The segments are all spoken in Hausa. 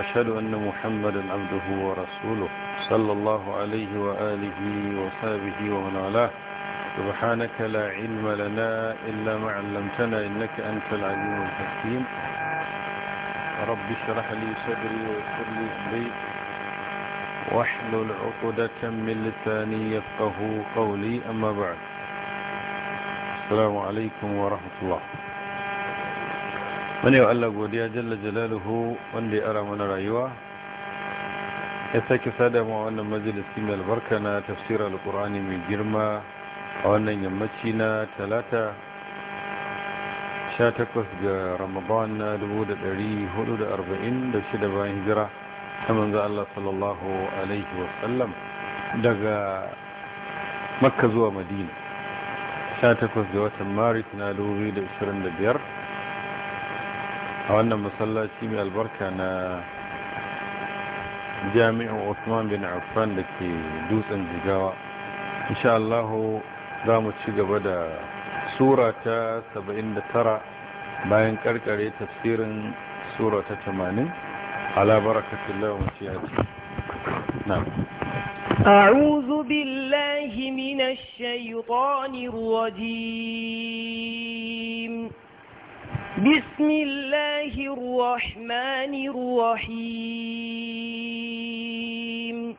أشهد أن محمدا عبده ورسوله صلى الله عليه وآله وصحبه ومن والاه سبحانك لا علم لنا إلا ما علمتنا إنك أنت العليم الحكيم رب اشرح لي صدري ويسر لي أمري واحلل عقدة من لساني يفقه قولي أما بعد السلام عليكم ورحمة الله wani wa Allah godiya jalla jalaluhu wanda ya ara mana rayuwa ya sake ma wannan majalisi mai albarka na tafsir alkurani mai girma a wannan yammaci na talata 18 ga ramadan na 1446 bayan hijira ta manzo Allah sallallahu alaihi wasallam daga makka zuwa madina 18 ga watan maris na 2025 وأن مصلى سيمي البركة أنا جامع عثمان بن عفان لكي دوس انزقاوة إن شاء الله دامو تشيقة بدا سورة سبعين ترى ما كارك عليه تفسير سورة تمانين على بركة الله ومشيئته نعم أعوذ بالله من الشيطان الرجيم بسم الله الرحمن الرحيم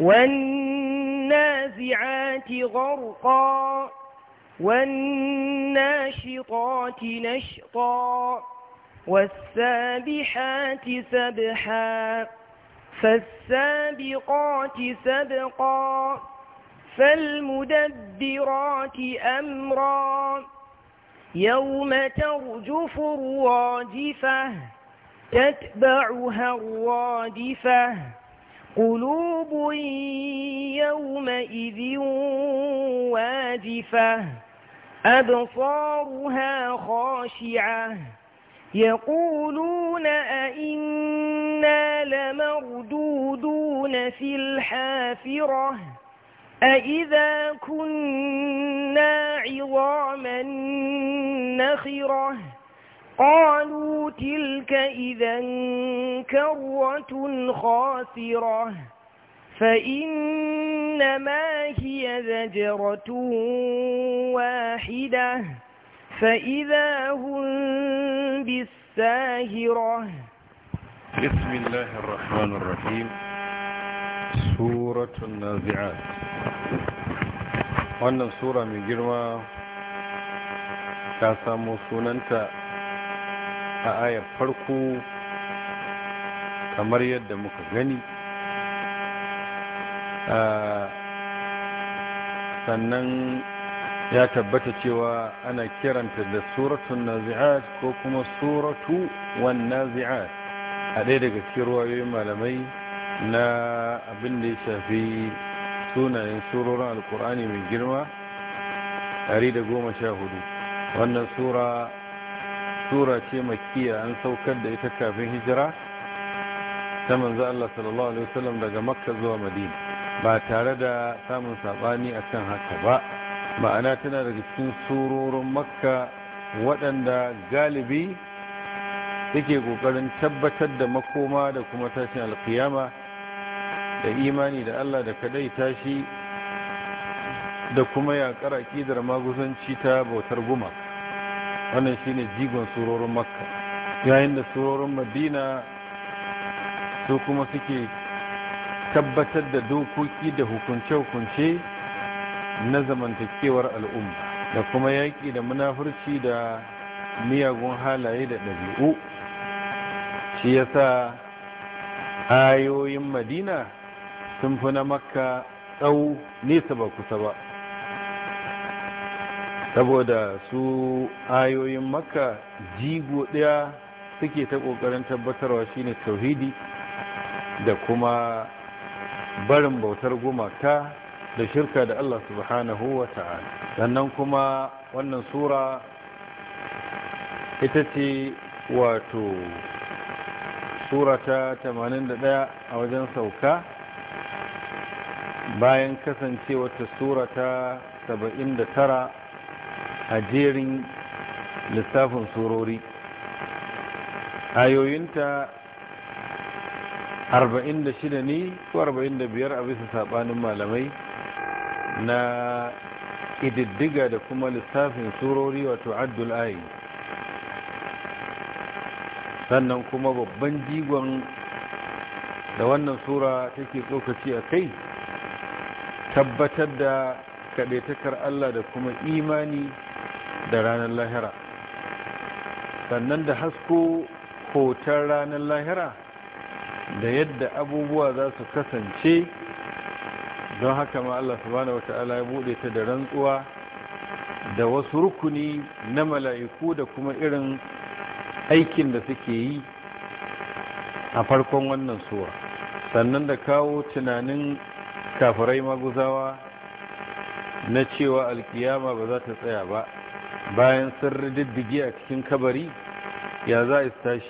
والنازعات غرقا والناشطات نشطا والسابحات سبحا فالسابقات سبقا فالمدبرات أمرا يوم ترجف الراجفة تتبعها الرادفة قلوب يومئذ واجفة أبصارها خاشعة يقولون أئنا لمردودون في الحافرة أَإِذَا كُنَّا عِظَامًا نَخِرَةً قَالُوا تِلْكَ إِذًا كَرَّةٌ خَاسِرَةٌ فَإِنَّمَا هِيَ زَجْرَةٌ وَاحِدَةٌ فَإِذَا هُمْ بِالسَّاهِرَةِ بسم الله الرحمن الرحيم سورة suratun nazi'at wannan sura mai girma ta samo sunanta a ayar farko kamar yadda muka gani ah, sannan ya tabbata cewa ana kiranta da suratun nazi'at ko kuma suratu wan nazi'at a ɗaya daga cikin ruwayoyin malamai na abin da ya shafi sunayen surorin alkur'ani mai girma 114 wannan sura sura ce makiya an saukar da ita kafin hijira ta manzo Allah sallallahu alaihi wasallam daga makka zuwa madina ba tare da samun sabani kan haka ba ma'ana tana daga cikin surorin makka waɗanda galibi yake ƙoƙarin tabbatar da makoma da kuma tashin alkiyama da imani da Allah da kadai tashi da kuma yaƙar aƙidar maguzanci ta bautar guma wannan shine jigon surorin makka yayin da surorin madina su kuma suke tabbatar da dokoki da hukunce-hukunce na zamantakewar al'umma da kuma yaƙi da munafurci da miyagun halaye da ɗabi'u shi yasa ayoyin madina sun fi na makka tsawo nesa ba kusa ba saboda su ayoyin makka jigo ɗaya suke ta ƙoƙarin tabbatarwa shine tauhidi da kuma barin bautar gumaka da shirka da Allah subhanahu wa ta'ala sannan kuma wannan sura ita ce wato sura ta 81 a wajen sauka bayan kasance wata sura ta 79 a jerin lissafin surori ayoyinta 46 ne ko 45 a bisa sabanin malamai na ƙididdiga da kuma lissafin surori wato addul ayi sannan kuma babban jigon da wannan sura take tsokaci a kai tabbatar da kaɗaitakar Allah da kuma imani da ranar lahira sannan da hasko hoton ranar lahira da yadda abubuwa za su kasance don haka ma Allah subhanahu wa ta'ala ya buɗe ta da rantsuwa da wasu rukuni na mala'iku da kuma irin aikin da suke yi a farkon wannan suwa sannan da kawo tunanin kafirai maguzawa na cewa alkiyama ba za ta tsaya ba bayan sun riddige a cikin kabari ya za a tashi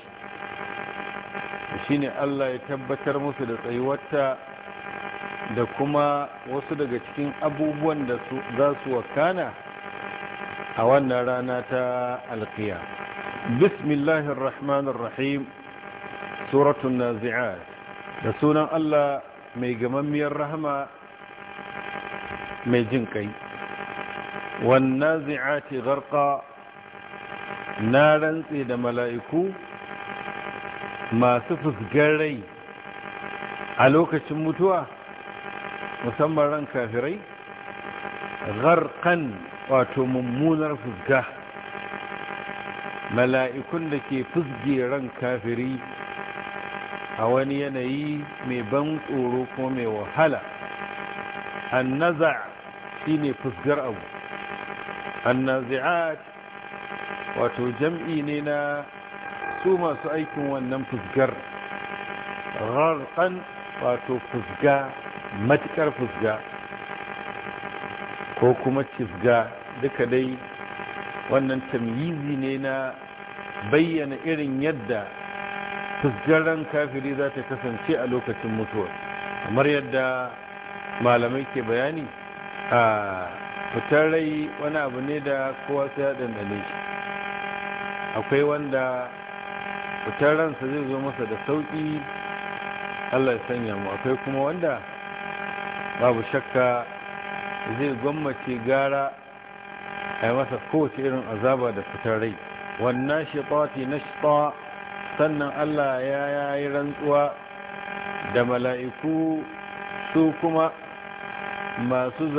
ne Allah ya tabbatar musu da tsayuwarta da kuma wasu daga cikin abubuwan da za su wakana a wannan rana ta alkiya bismillahirrahmanirrahim suratun nazi'a da sunan Allah mai gamammiyar rahama mai jin kai wannan ce garka na rantse da mala'iku masu fusgar rai a lokacin mutuwa musamman ran kafirai garkan wato mummunar fusga mala'ikun da ke fusge ran kafiri a wani yanayi mai ban tsoro ko mai wahala annaza shine fusgar abu annazi'at wato jam'i ne na su masu aikin wannan fusgar rarkan wato fusga matukar fusga ko kuma cisga duka dai wannan tamyizi ne na bayyana irin yadda tujjaren kafiri za ta kasance a lokacin mutuwa kamar yadda malamai ke bayani a fitar rai wani abu ne da kowa sai ya dandane shi akwai wanda fitar ransa zai zo masa da sauƙi allah ya sanya mu akwai kuma wanda babu shakka zai gwammace gara a yi masa kowace irin azaba da fitar rai wannan shi na shi sannan Allah ya yi rantsuwa da mala'iku su kuma masu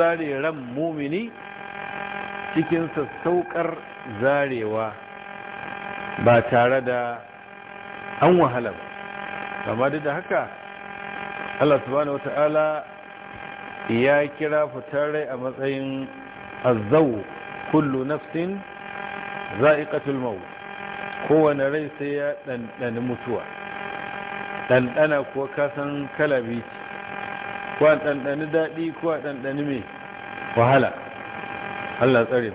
zare ran mumini cikin sassaukar zarewa ba tare da an wahala ba amma da haka Allah subhanahu wata'ala ya kira fitar rai a matsayin azau kullu nafsin za'iqatul maut kowane rai sai ya ɗanɗani mutuwa ɗanɗana kuwa kasan kalabi ko ɗanɗani daɗi ko ɗanɗani mai wahala Allah tsare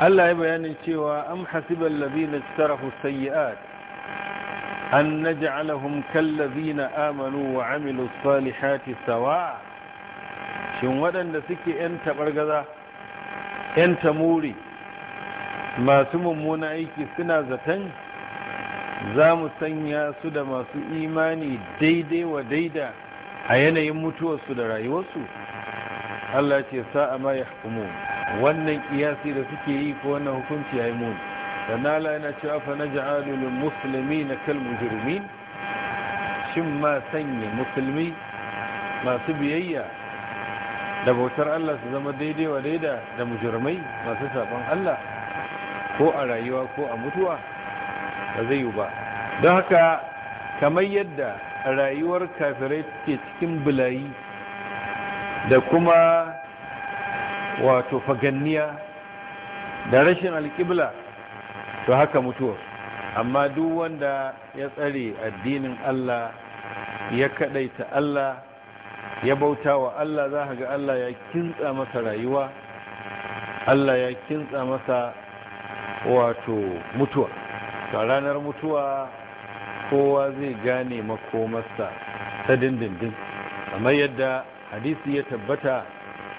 Allah ya bayanin cewa am hasibal ladina tarahu sayyi'at an naj'alahum kal ladina amanu wa amilu salihati sawa shin waɗanda suke yan tabargaza yan tamuri masu mummuna aiki suna zaton za mu sanya su da masu imani daidai wa daida a yanayin mutuwarsu da rayuwarsu Allah ce sa'a ma ya hukumu wannan kiyasi da suke yi ko wannan hukunci ya yi mun sannan Allah yana cewa fa na alulun musulmi na kal mujrimin shin ma sanya musulmi masu biyayya da bautar Allah su zama daidai wa daida da mujrimai masu sabon Allah ko a rayuwa ko a mutuwa ba zai yi ba don haka kamar yadda rayuwar kafirai ke cikin bulayi da kuma wato faganniya da rashin alkibla to haka mutuwa amma duk wanda ya tsare addinin Allah ya kadaita Allah ya bauta wa Allah za ga Allah ya kintsa masa rayuwa Allah ya kintsa masa wato mutuwa ta ranar mutuwa kowa zai gane makomarsa ta dindindin kamar yadda hadisi ya tabbata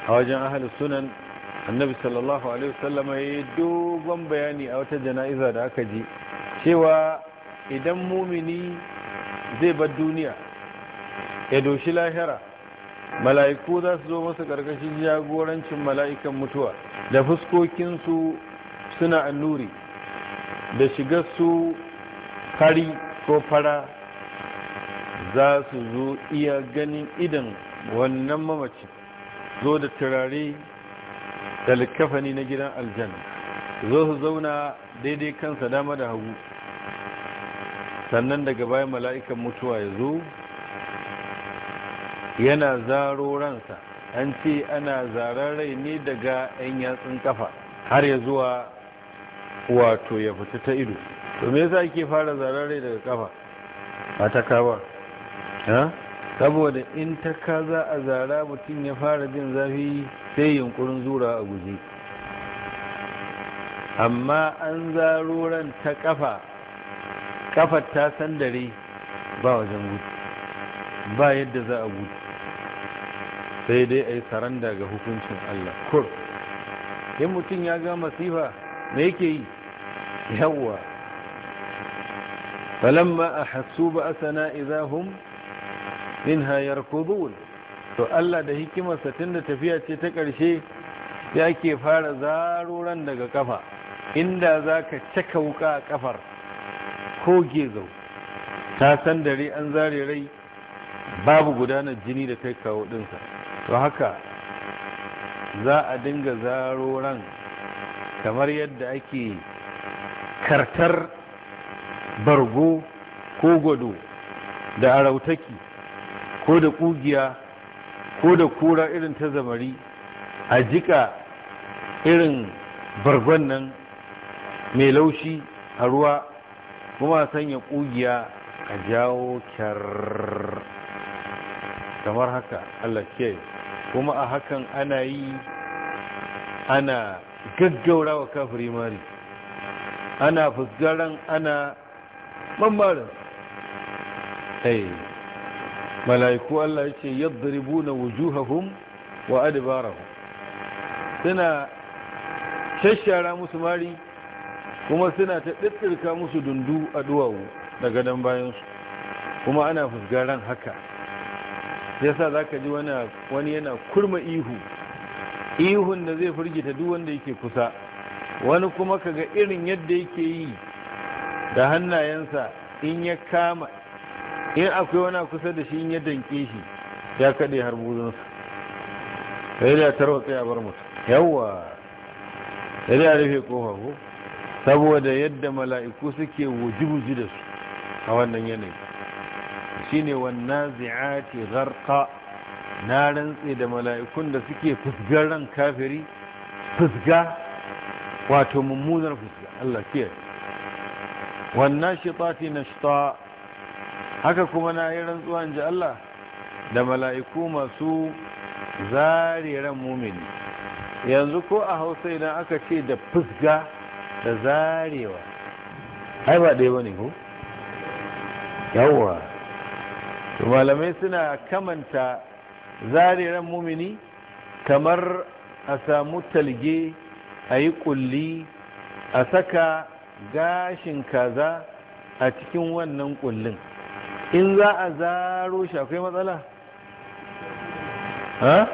a wajen ahal sunan annabi sallallahu alaihi wasallama ya yi dogon bayani a wata jana'iza da aka ji cewa idan mumini zai bar duniya ya doshi lahira mala'iku za su zo masa ƙarƙashin jagorancin mala'ikan mutuwa da fuskokinsu suna annuri da shiga su fari ko fara za su zo iya ganin idan wannan mamaci zo da turare da likafani na gidan aljanna zo su zauna daidai kansa dama da hagu sannan daga bayan mala'ikan mutuwa ya zo yana zaro ransa an ce ana zarar rai ne daga 'yan yatsun kafa har ya zuwa wato ya fita ta ido to me yasa ake fara zarare daga kafa ba ta ka ba saboda in ta ka za a zara mutum ya fara jin zafi sai yunkurin zura a guje amma an zaro ran ta kafa kafar ta sandare ba wajen gudu ba yadda za a gudu sai dai a yi saranda ga hukuncin allah kur in mutum ya ga masifa me yake yi yawwa falamma ahassu ba'athana idahum minha yarkudun to Allah da hikimarsa tun da tafiya ce ta ƙarshe ya ke fara zaroran daga ƙafa. inda za ka caka wuƙa ƙafar ko gezo ta san dare an zare rai babu gudanar jini da kai kawo dinsa to haka za a dinga zaroran kamar yadda ake kartar bargo ko gwado da arautaki ko da ƙugiya ko da kura irin ta zamari a jika irin bargon nan mai laushi a ruwa kuma sanya ƙugiya a jawo kyar kamar haka Allah kiyaye kuma a hakan ana yi ana gaggaura wa kafiri mari ana fuskaran ana mambarin hey. mala'iku Allah ya ce yadribuna wujuhahum wa adbarahum suna shashara musu mari kuma suna ta ɗirɗirka musu dundu a duwawu daga dan bayansu kuma ana fuskaran haka yasa za ka ji wani yana kurma ihu ihun da zai firgita duk wanda yake kusa wani kuma ka ga irin yadda yake yi da hannayensa in ya kama in akwai wani kusa da shi in ya danke shi ya kaɗe har buzunsa sai da tsaye a bar mutum yawwa sai da rufe kofa ko saboda yadda mala'iku suke wuji-wuji da su a wannan yanayi shine wannan zi'ati gharqa na rantse da mala'ikun da suke fusgar ran kafiri fusga wato mummunar fuska Allah ke wannan shi nashta haka kuma na yi rantsuwa ji Allah da mala'iku masu zariran mumini yanzu ko a hausa idan aka ce da fusga da zarewa ai ba ɗaya ba ne ko yawwa malamai suna kamanta zariran mumini kamar a samu talge a yi ƙulli a saka gashin kaza a cikin wannan ƙullin in za a zaro shi akwai matsala? ha?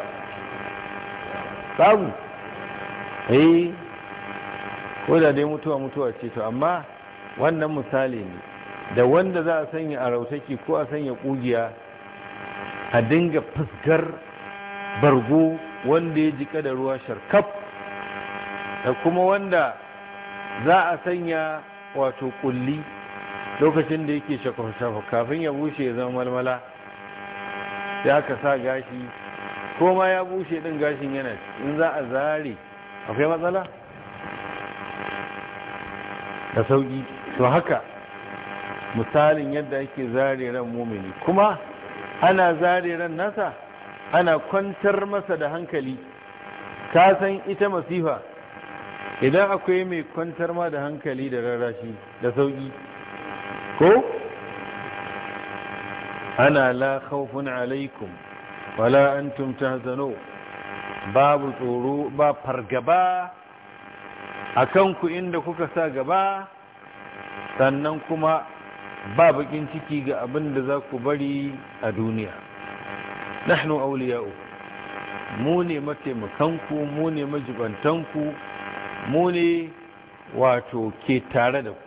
babu eh ko da dai mutuwa mutuwa ce to amma wannan misali ne da wanda za a sanya a rautaki ko a sanya ƙugiya a dinga fuskar bargo wanda ya jika da ruwa sharkaf da kuma wanda za a sanya wato kulli lokacin da yake shafa kafin ya bushe ya zama malmala ya ka sa gashi ko ma ya bushe din gashin yana in za a zare akwai matsala da sauki to haka misalin yadda ake zare ran mumini kuma ana zare ran nasa ana kwantar masa da hankali ka san ita masifa idan akwai mai kwantar ma da hankali da rarrashi da sauƙi, ko ana la khawfun alaikum wala antum tahzanu babu tsoro ba fargaba Akan ku inda kuka sa gaba sannan kuma ba bakin ciki ga abin da za ku bari a duniya nahnu auliya'u mu ne mataimakanku mu ne majibantanku mu ne wato ke tare da ku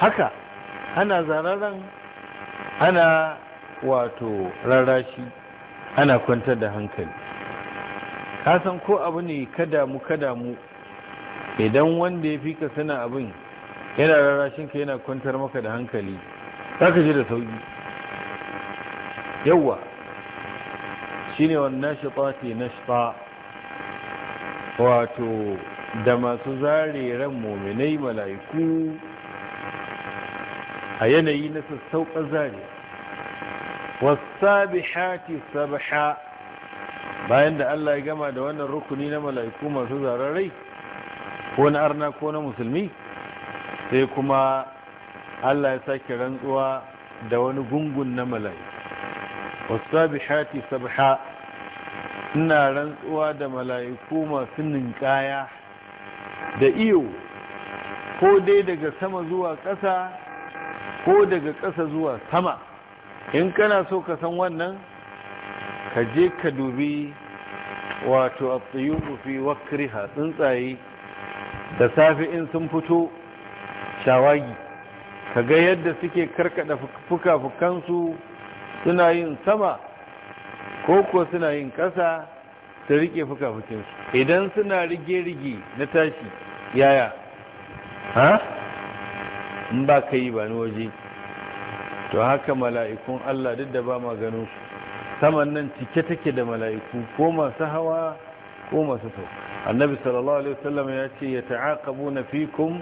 haka ana zararen ana wato rarashi. ana kwantar da hankali kasan ko abu ne kada mu kada mu idan wanda ya fi ka sana abin yana rarashin ka yana kwantar maka da hankali za ka ji da sauki Yawwa shine wannan shi na wato da masu zare ran muminai mala'iku a yanayi na sassauƙa zare wasabihati sabha bayan da Allah ya gama da wannan rukuni na mala'iku masu zaren rai ko na arna ko na musulmi sai kuma Allah ya sake rantsuwa da wani gungun na mala'iku wasabihati sabha ina rantsuwa da mala'iku masu ninkaya da iyo ko dai daga sama zuwa ƙasa ko daga ƙasa zuwa sama in kana so ka san wannan ka je ka dubi wato a fi wakriha tsuntsaye da safe in sun fito shawagi ka ga yadda suke karkada fuka-fukansu suna yin sama ko ko suna yin ƙasa ta rike fuka-fukinsu idan suna rige-rige na tashi yaya ha in ba ka yi ba ni waje to haka mala'ikun Allah duk da ba ma gano saman nan cike take da mala'iku ko masu hawa ko masu sau annabi sallallahu alaihi wasallam ya ce ya ta'aqabu na fikun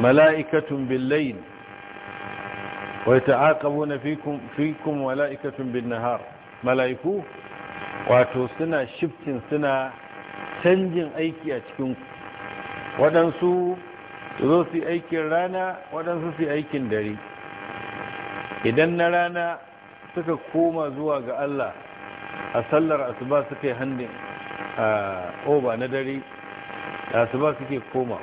mala'ikatun billail wa ta'aqabu na fikun mala'ikatun bin nahar mala'iku wato suna shiftin suna canjin aiki a cikin waɗansu zo su aikin rana waɗansu su aikin dare idan na rana suka koma zuwa ga Allah a sallar asuba suka yi handin a oba na dare asuba suke koma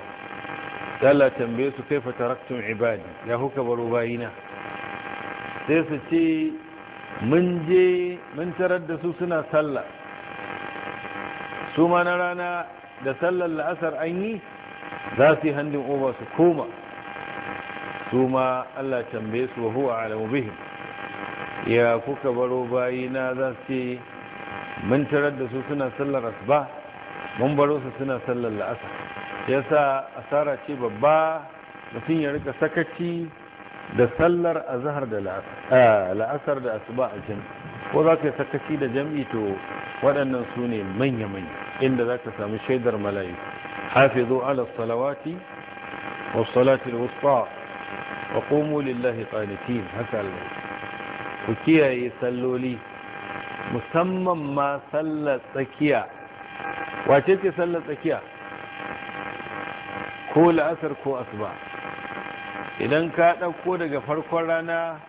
Allah tambaye su kai fataraktum ibadi ya huka baro bayina sai su ce mun je mun tarar da su suna sallah su ma na rana da sallar la'asar an yi za su yi handin oba su koma su ma Allah tambaye su huwa alamu bihim ya kuka baro na za su ce mun tarar da su suna sallar asuba mun baro su suna sallar la'asar sa asara ce babba mutum ya rika sakaci da sallar azhar da la'asar da asuba a jin ko za ka yi sakaci da jam'i to waɗannan su ne manya-manya inda za ka sami shaidar malayu hafizu ala salawati wa salati al-wusta wa qumu lillahi qanitin haka Allah ku kiyaye salloli musamman ma sallar tsakiya wace ce sallar tsakiya ko la'asar ko asuba idan ka ɗauko daga farkon rana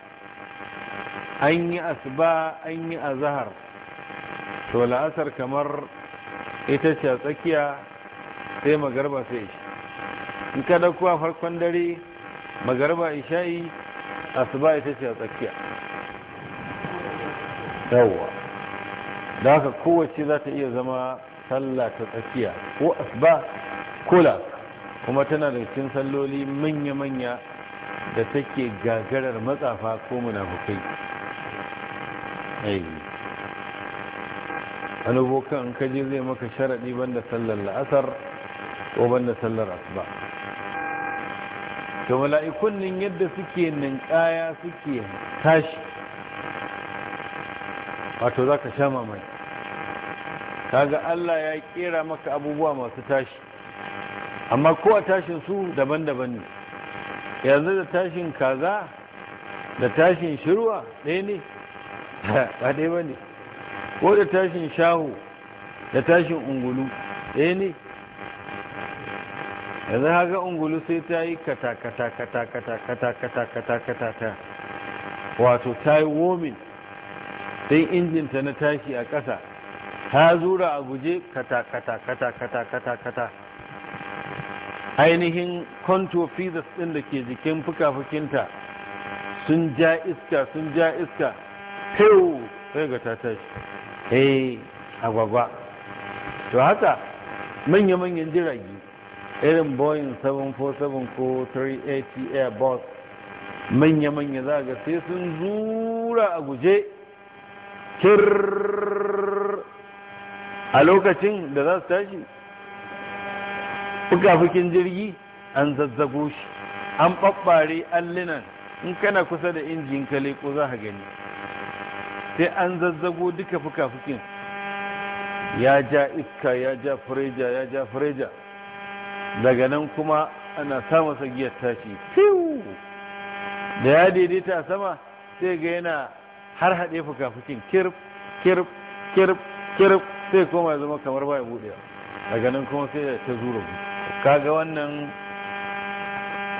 an yi asuba an yi azahar to la'asar kamar ita ce a tsakiya sai magarba sai shi. in ka ɗauko a farkon dare magarba isha'i asuba ita ce a tsakiya yawwa da haka kowace za ta iya zama sallah ta tsakiya ko asuba ko kuma tana da cikin salloli manya-manya da take gagarar matsafa ko munafukai wani bokan kaje zai maka sharaɗi banda sallar la'asar ko banda sallar asuba to mala'ikun yadda suke kaya suke tashi wato za ka sha mamaki kaga allah ya kera maka abubuwa masu tashi amma kowa tashin su daban-daban ne yanzu da tashin kaza da tashin shirwa ɗaya ne ba ɗaya ba ne ko da tashin shahu da tashin ungulu ɗaya ne yanzu haka ungulu sai ta yi kata kata kata kata kata kata kata kata ta wato ta yi womin sai injinta na tashi a ƙasa ta zura a guje kata kata kata kata kata kata ainihin contophysis ɗin da ke jikin fuka-fukinta sun ja iska sun ja iska fiyo sai ga ta tashi eh agwagwa to haka manya-manyan jirage irin boeing 747 ko 380 airbus manya-manya za ga sai sun zura a guje kir a lokacin da za su tashi fukafukin jirgi an zazzago shi an ɓaɓɓare allinan in kana kusa da injin ka leko za ka gani sai an zazzago duka fukafukin ya ja iska ya ja fureja ya ja fureja daga nan kuma ana sa masa giyar tashi fiw da ya daidaita a sama sai ga yana har haɗe fukafukin kirf kirf kirf kirf sai koma zama kamar baya buɗewa daga nan kuma sai ta zura buɗe kaga wannan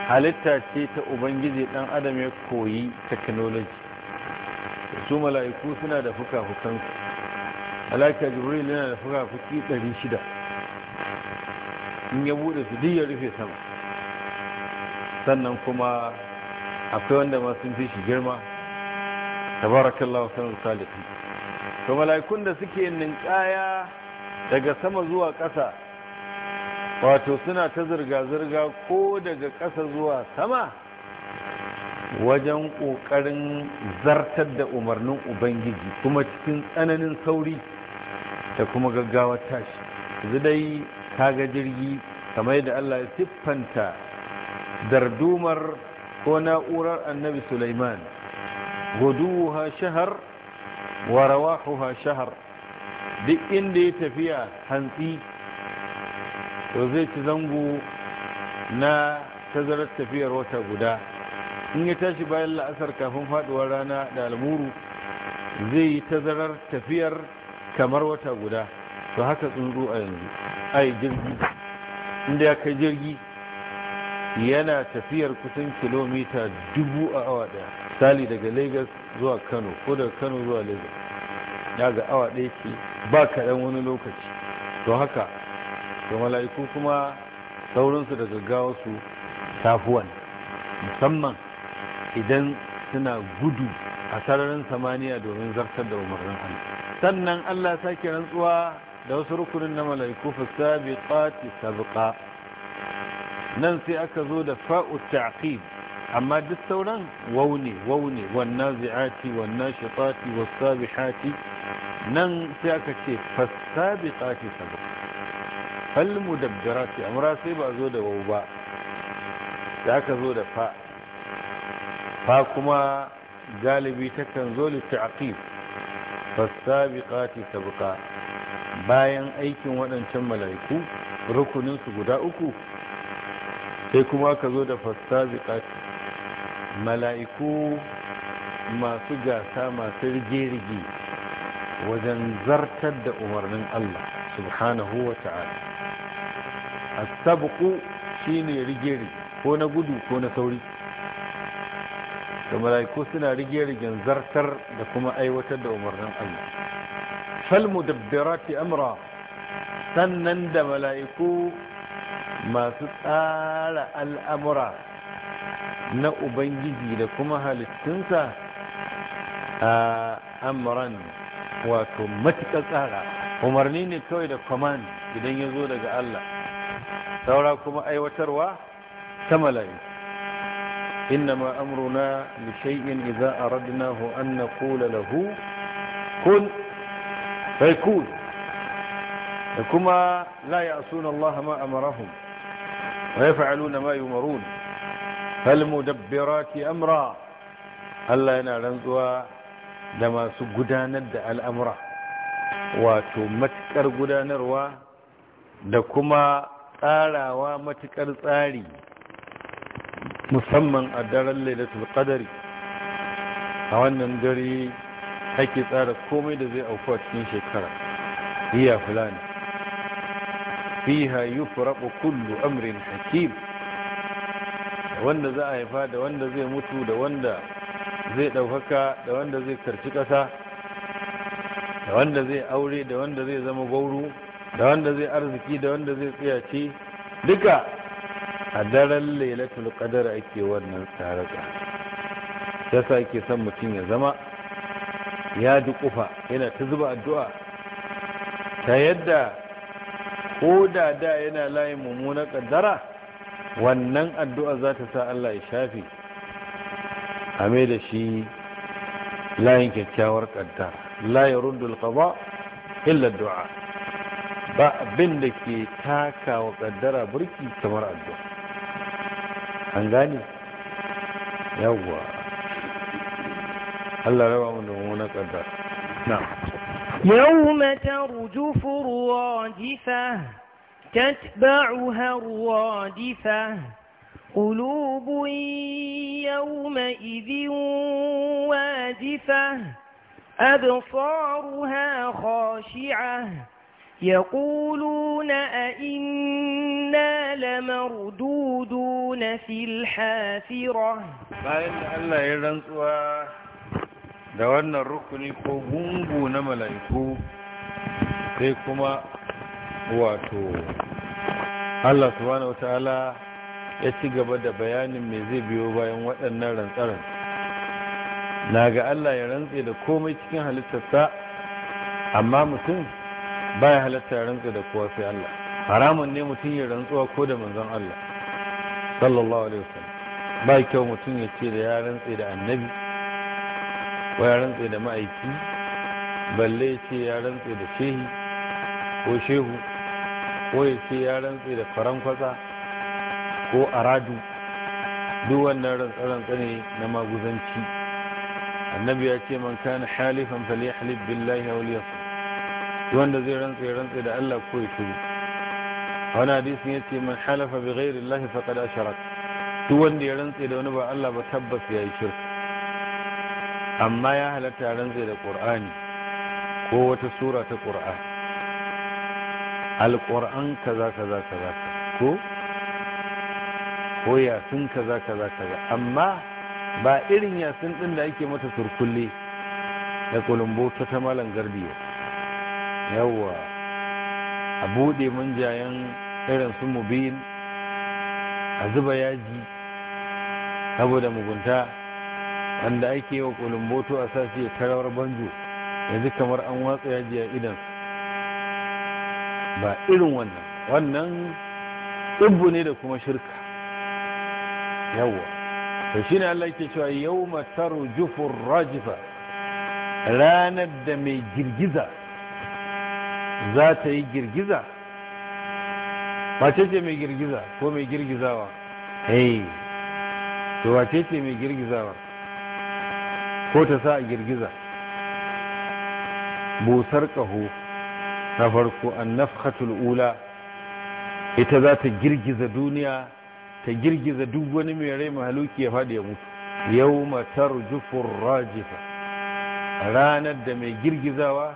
halitta ce ta ubangiji dan adam ya koyi technology su mala'iku suna da fuka-fukansu alaƙa jibril yana da fuka-fuki 600 in ya buɗe su duk ya rufe sama sannan kuma akwai wanda ma sun fi shi girma tabarakallahu sanar salihin to mala'ikun da suke ninkaya daga sama zuwa ƙasa wato suna ta zirga-zirga ko daga ƙasa zuwa sama wajen ƙoƙarin zartar da umarnin ubangiji kuma cikin tsananin sauri da kuma gaggawa tashi zidai dai kaga jirgi kamar da allah ya siffanta dardumar ko na'urar annabi suleiman guduwa shahar wa shahar duk inda ya tafiya hantsi to zai ci zango na tazarar tafiyar wata guda in ya tashi bayan la'asar kafin faduwar rana da almuru zai yi tazarar tafiyar kamar wata guda to haka tsundu a yanzu ai jirgi inda ya kai jirgi yana tafiyar kusan kilomita dubu a awa daya sali daga lagos zuwa kano ko daga kano zuwa lagos daga awa daya ce ba kaɗan wani lokaci to haka Da mala'iku kuma saurinsu da su safuwan musamman idan suna gudu a sararin samaniya domin zartar da umarnin Allah sannan Allah sake rantsuwa da wasu rukunin na mala'iku fasabiqati sabqa nan sai aka zo da fa'u ta'qib amma duk sauran waune waune wannazi'ati wasu was-sabihati nan sai aka ce fasabiqati sabqa falmu dabbirati amra sai ba zo da wau ba ya ka zo da fa fa kuma galibi ta takan zo litta'aqib fasabiqati sabqa bayan aikin waɗancan mala'iku rukunin su guda uku sai kuma ka zo da fasabiqati mala'iku masu gasa masu rige-rige wajen zartar da umarnin Allah subhanahu wa ta'ala as shine rige ko na gudu ko na sauri da mala'iku suna rige rigen zartar da kuma aiwatar da umarnin Allah fal mudabbirati amra sannan da mala'iku masu tsara al'amura na ubangiji da kuma halittunsa a amuran wato matuƙa tsara umarni ne kawai da command idan ya zo daga Allah تراكم أي أيوة وتروى ta mala'iku إنما أمرنا لشيء إذا أردناه أن نقول له كن فيكون لكما لا يعصون الله ما أمرهم ويفعلون ما يمرون فالمدبرات أمرا ألا ينالنزوا لما سجدان الدعاء الأمر وتمتكر قدان روا لكما tsarawa matuƙar tsari musamman a daren lailatul qadari a wannan dare ake tsara komai da zai auku a cikin shekara iya fulani fiha yufraqu kullu amrin hakim wanda za a haifa da wanda zai mutu da wanda zai ɗaukaka da wanda zai karci ƙasa da wanda zai aure da wanda zai zama gauru da wanda zai arziki da wanda zai tsiyace duka a daren lailatul qadar ake wannan tsaraka yasa ake son mutum ya zama ya ji kufa yana ta zuba addu'a ta yadda ko da da yana layin mummunar kaddara wannan addu'a za ta sa Allah ya shafi a mai da shi layin kyakkyawar kaddara la yaruddu al-qada illa du'a ba abin da ke taka wa kaddara burki kamar addu'a an gane yawwa Allah raba mu da mummunan kaddara na yawma tarjufu rajifa tatba'uha radifa قلوب يومئذ واجفة أبصارها خاشعة يقولون أئنا لمردودون في الحافرة باين الله rantsuwa da wannan rukuni ko gungu na mala'iku sai kuma wato Allah subhanahu ya ci gaba da bayanin me zai biyo bayan waɗannan rantsaran na ga Allah ya rantse da komai cikin halittarsa amma mutum baya halatta ya rantsa da kowa sai Allah haramun ne mutum ya rantsuwa ko da manzon Allah sallallahu alaihi wasallam ba kyau mutum ya ce da ya rantsa da annabi ko ya rantsa da ma'aiki balle ya ce ya rantsa da shehi ko shehu ko ya ce ya rantsa da kwatsa ko aradu duk wannan rantsa-rantsa ne na maguzanci annabi ya ce man kana halifan falyahlib billahi aw wanda zai rantse rantse da Allah ko ya tubu wani hadisin ya ce man halafa bi ghairi Allah qad asharak duk wanda ya rantse da wani ba Allah ba tabbas ya yi shirka amma ya halatta rantsa da Qur'ani ko wata sura ta Qur'ani alƙur'an kaza kaza kaza ko ko sun kaza kaza kaza amma ba irin yasin din da ake mata surkulle da kulumbo ta ta malam garbi yawwa a buɗe manjayen irin su mubin a zuba yaji saboda mugunta wanda ake yi wa kulumboto a sashi ya tarawar banjo yanzu kamar an watsa yaji a idan ba irin wannan wannan ne da kuma shirka yawwa to ne Allah ke cewa yawma jufin rajifa ranar da mai girgiza za ta yi girgiza wace ce mai girgiza ko mai girgizawa hei to wace ce mai girgizawa ko ta sa a girgiza busar ƙaho na farko an ula ita za ta girgiza duniya ta girgiza duk wani mai rai mahaluki ya faɗi ya mutu yau matar jufin rajifa ranar da mai girgizawa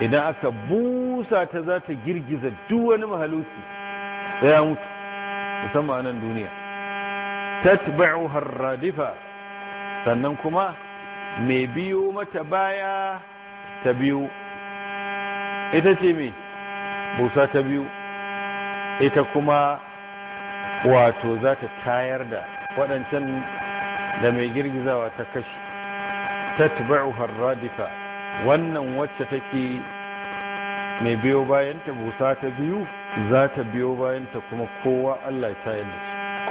idan aka busa ta za ta girgiza duk wani mahaluki ya mutu musamman nan duniya tatba'u harradifa sannan kuma mai biyo mata baya ta biyu ita ce mai busa ta biyu ita kuma wato za ta tayar da waɗancan da mai girgizawa ta kashi tatba'u harradifa wannan wacce take mai biyo bayanta busa ta biyu za ta biyo bayanta kuma kowa Allah ta yadda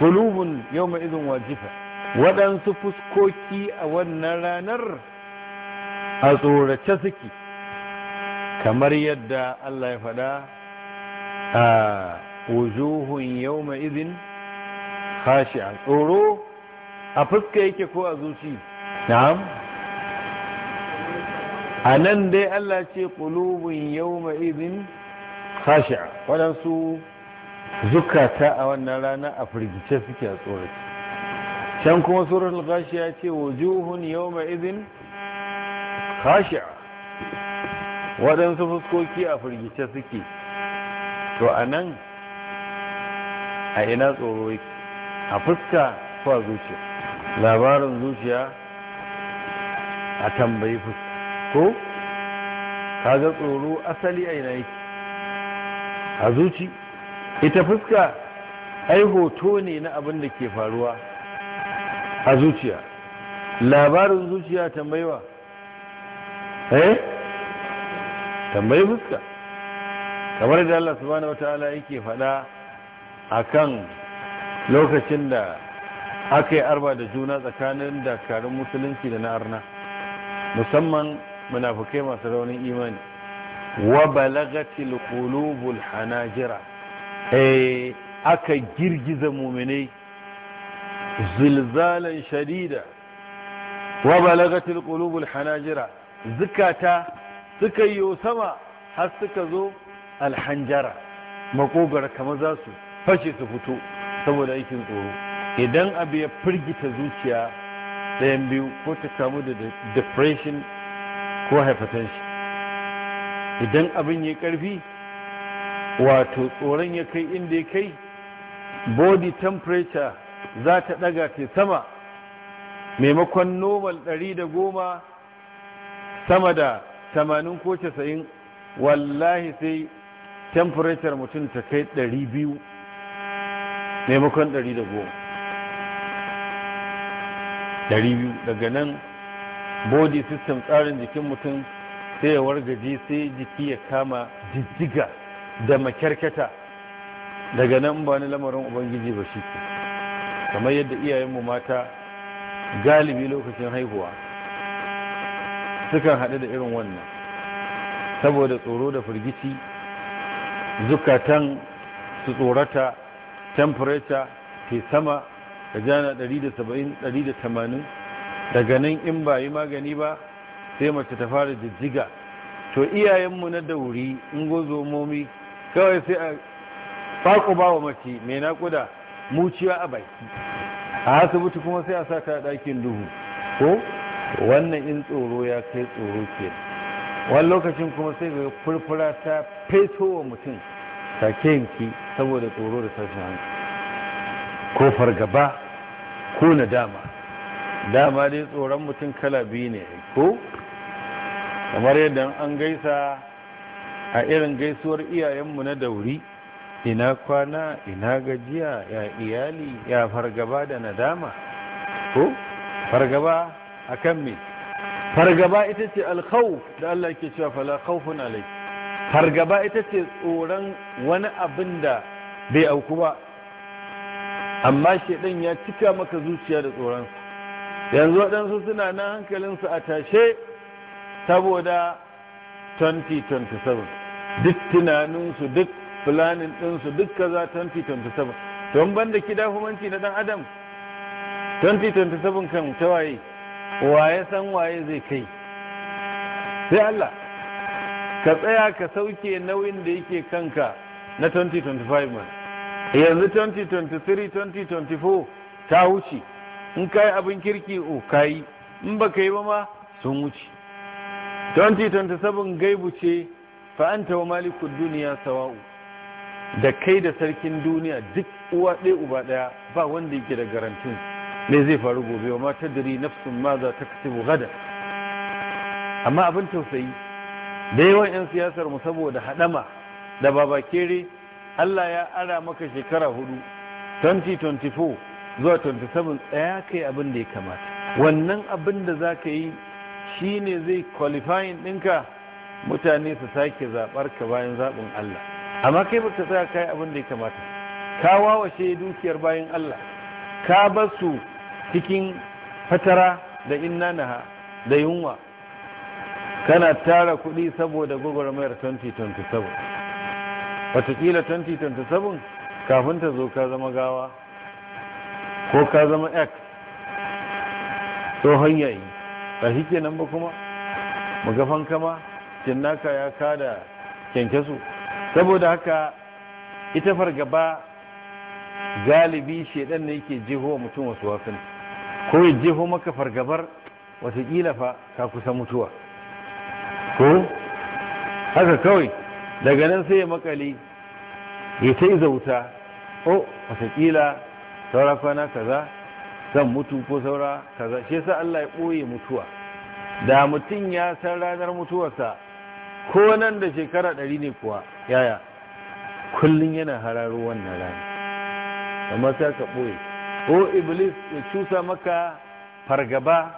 kulubun yau mai izin wajifa waɗansu fuskoki a wannan ranar a tsorace suke kamar yadda Allah ya faɗa a wujuhun yau mai izin hashi a tsoro a fuska yake ko a zuci na'am a nan dai Allah ce ƙulubun yau izin khashi'a waɗansu zukata a wannan rana a firgice suke a tsoraki can kuma surar al ya ce wujuhun yau izin khashi'a waɗansu fuskoki a firgice suke to a nan a ina tsoro a fuska ko a zuciya labarin zuciya a tambayi fuska ko kaga tsoro asali a yana yake a zuci ita fuska ai hoto ne na abin da ke faruwa a zuciya labarin zuciya tambayiwa eh tambayi fuska kamar da Allah subhanahu wataala yake faɗa akan lokacin da aka yi arba da juna tsakanin dakarun musulunci da na arna musamman munafukai masu raunin imani wa balagati qulubul hanajira eh aka girgiza muminai zilzalan shadida wa balagati qulubul hanajira zukata suka yi sama har suka zo alhanjara makogar kamar za su fashe su fito saboda aikin tsoro idan abu ya firgita zuciya ɗayan biyu ko ta kamu da depression ko haifatan shi idan abin ya karfi wato tsoron ya kai inda ya kai body temperature za ta daga ta sama maimakon normal 110 sama da 80 ko 90 wallahi sai temperature mutum ta kai 200 maimakon 110 200 daga nan body system tsarin jikin mutum sai ya wargaje sai jiki ya kama jijjiga da makyarkata daga nan ba ni lamarin ubangiji ba shi kamar yadda iyayenmu mata galibi lokacin haihuwa sukan haɗu da irin wannan saboda tsoro da firgici zukatan su tsorata temperature ke sama da jana 170 180 daga nan in ba yi magani ba sai mace ta fara jijjiga to iyayenmu na dauri in gozo momi kawai sai a faku ba wa mace mai naƙuda muciya a baki a asibiti kuma sai a sa ta ɗakin duhu ko wannan in tsoro ya kai tsoro ke wani lokacin kuma sai ga furfura ta feso wa mutum ke yanki saboda tsoro da tashin hankali ko fargaba ko nadama dama dai tsoron mutum kala biyu ne ko kamar yadda an gaisa a irin gaisuwar iyayenmu na dauri ina kwana ina gajiya ya iyali ya fargaba da nadama ko fargaba a kan me fargaba ita ce alkhau da Allah ke cewa fala khaufun alai fargaba ita ce tsoron wani abin da bai auku ba amma shedan ya cika maka zuciya da tsoron yanzu waɗansu suna nan hankalinsu a tashe saboda 2027 duk tunaninsu duk planning ɗinsu duk kaza 2027 don banda kida humanci na ɗan adam 2027 kan ta waye waye san waye zai kai sai Allah ka tsaya ka sauke nauyin da yake kanka na 2025 yanzu 2023 2024 ta wuce in ka yi abin kirki o ka in ba ka yi ba ma sun wuce 2027 gaibu ce fa'anta wa malikun duniya sawa'u da kai da sarkin duniya duk uwa ɗaya uba ɗaya ba wanda yake da garantin ne zai faru gobe wa ma tadiri nafsun ma za ta kasi gada amma abin tausayi da yawan 'yan siyasar mu saboda haɗama da babakere Allah ya ara maka shekara hudu 2024 zuwa 27 tsaya ka yi abin da ya kamata wannan abin da za ka yi shi ne zai qualifying ɗinka mutane su sake zaɓar ka bayan zaɓin Allah amma kai baka tsaya yi abin da ya kamata ka wawashe dukiyar bayan Allah ka ba su cikin fatara da inna naha da yunwa kana tara kuɗi saboda gwagwarmayar 2027 Wataƙila 2027 kafin ta zo ka zama gawa ko ka zama x tsohon yi. ba shi nan ba kuma magafan kama cinnaka ya kada kyankyasu saboda haka ita fargaba galibi shedan ne yake jiho mutum wasu wafin ko ya jiho maka fargabar watakila fa ka kusa mutuwa ko haka kawai daga nan sai ya maƙale ya ta wuta o oh, watakila saura kwana kaza zan mutu ko saura kaza shi yasa Allah ya ɓoye mutuwa da mutum ya san ranar mutuwarsa ko nan da shekara ɗari ne kuwa yaya kullum yana hararo wannan rana amma sai ka ɓoye ko iblis ya cusa maka fargaba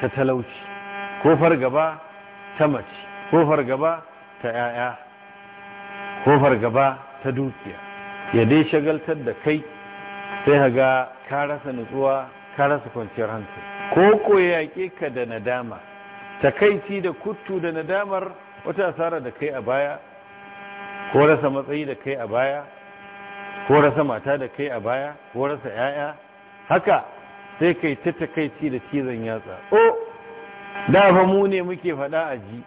ta talauci ko fargaba ta mace ko fargaba ta 'ya'ya ko fargaba ta dukiya ya dai shagaltar da kai sai ga ka rasa nutsuwa ka rasa kwanciyar hankali ko ko yaƙe ka da nadama takaici da kuttu da nadamar wata asara da kai a baya ko rasa matsayi da kai a baya ko rasa mata da kai a baya ko rasa 'ya'ya haka sai kai ta takaici da cizon yatsa o da fa mu ne muke faɗa a ji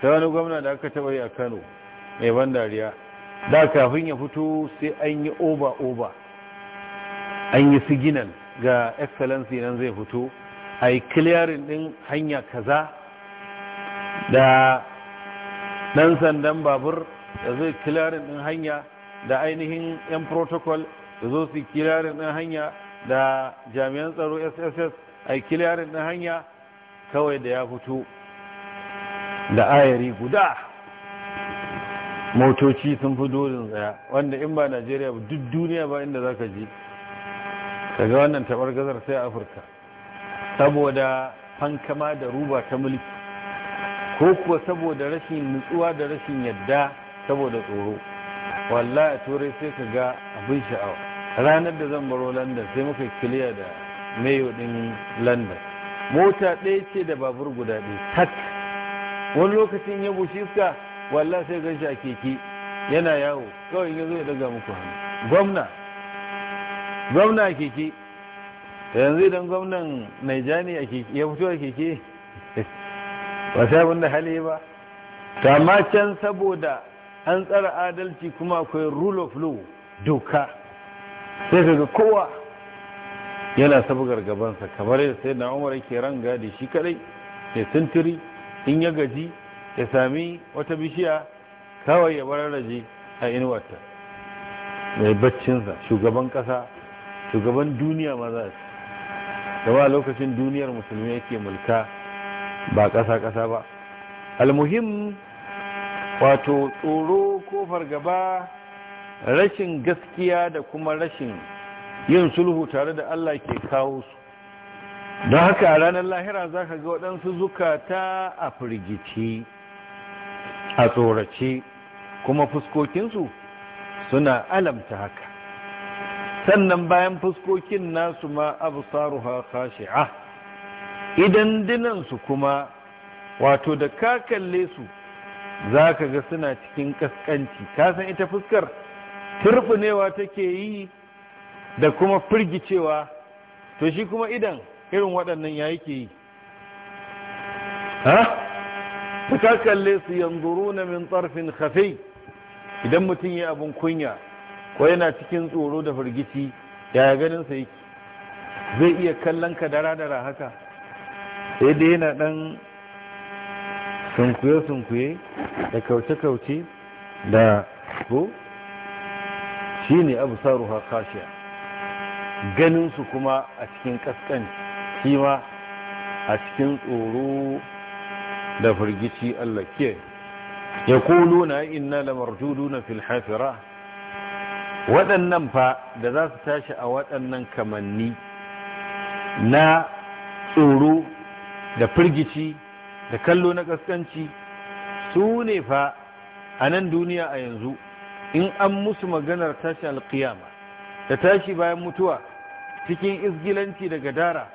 ta wani gwamna da aka taɓa yi a kano mai ban dariya da kafin ya fito sai an yi oba oba an yi siginan ga excellency nan zai fito a yi clearing din hanya kaza da ɗan sandan babur da zai clearing din hanya da ainihin yan protocol da zo su clearing din hanya da jami'an tsaro sss a yi clearing din hanya kawai da ya fito da ayari guda motoci sun fi dorin tsaya wanda in ba najeriya duk duniya ba inda za ka je kaga wannan tabar gazar sai afirka saboda fankama da ruba ta mulki ko kuwa saboda rashin nutsuwa da rashin yadda saboda tsoro walla a turai sai ka ga abin sha'awa ranar da zan baro london sai muka kiliya da mayo din london mota ɗaya ce da babur guda ɗaya tak wani lokacin ya bushe iska wallahi sai gan shi a keke yana yawo kawai ya zo ya daga muku hannu gwamna gwamna a keke yanzu idan gwamnan naijani ya fito a keke ba sai abin da hali ba ta ma can saboda an tsara adalci kuma akwai rule of law doka sai kaga kowa yana sabgar gabansa kamar yadda sai na umar yake ran gadi shi kadai ya sintiri in ya gaji ya sami wata bishiya kawai ya bararraje a inuwarta mai baccinsa shugaban kasa shugaban duniya ma za da ba lokacin duniyar musulmi yake mulka ba ƙasa-ƙasa ba almuhim wato tsoro ko fargaba rashin gaskiya da kuma rashin yin sulhu tare da Allah ke kawo su don haka a ranar lahira za ka ga waɗansu zukata a firgici a tsorace kuma fuskokinsu suna alamta haka sannan bayan fuskokin nasu ma abu absaruha khashi'a idan dinansu kuma wato da ka kalle su za ka ga suna cikin kaskanci kasan ita fuskar turfunewa take yi da kuma firgicewa to shi kuma idan irin waɗannan ya yake yi ha ka kalle su yanzuru na min tsarfin hafi idan mutum ya abin kunya ko yana cikin tsoro da firgici yaya ganin sa yake zai iya kallon ka dara dara haka sai dai yana dan sunkuye sunkuye da kauce kauce da ko abu absaruha kashiya ganin su kuma a cikin kaskan shi ma a cikin tsoro da firgici Allah ke ya na inna na na filhafira waɗannan fa da za su tashi a waɗannan kamanni na tsoro da firgici da kallo na ƙasƙanci su ne fa a nan duniya a yanzu in an musu maganar tashi alƙiyama da tashi bayan mutuwa cikin izgilanci da gadara